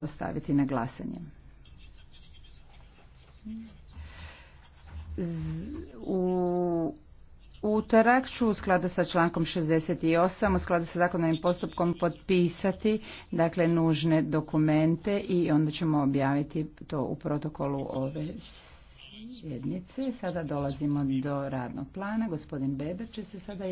ostaviti na glasanje. U utorak ću u skladu sa člankom 68 u skladu sa zakonovim postupkom potpisati dakle nužne dokumente i onda ćemo objaviti to u protokolu ove sjednice. Sada dolazimo do radnog plana. Gospodin Beber će se sada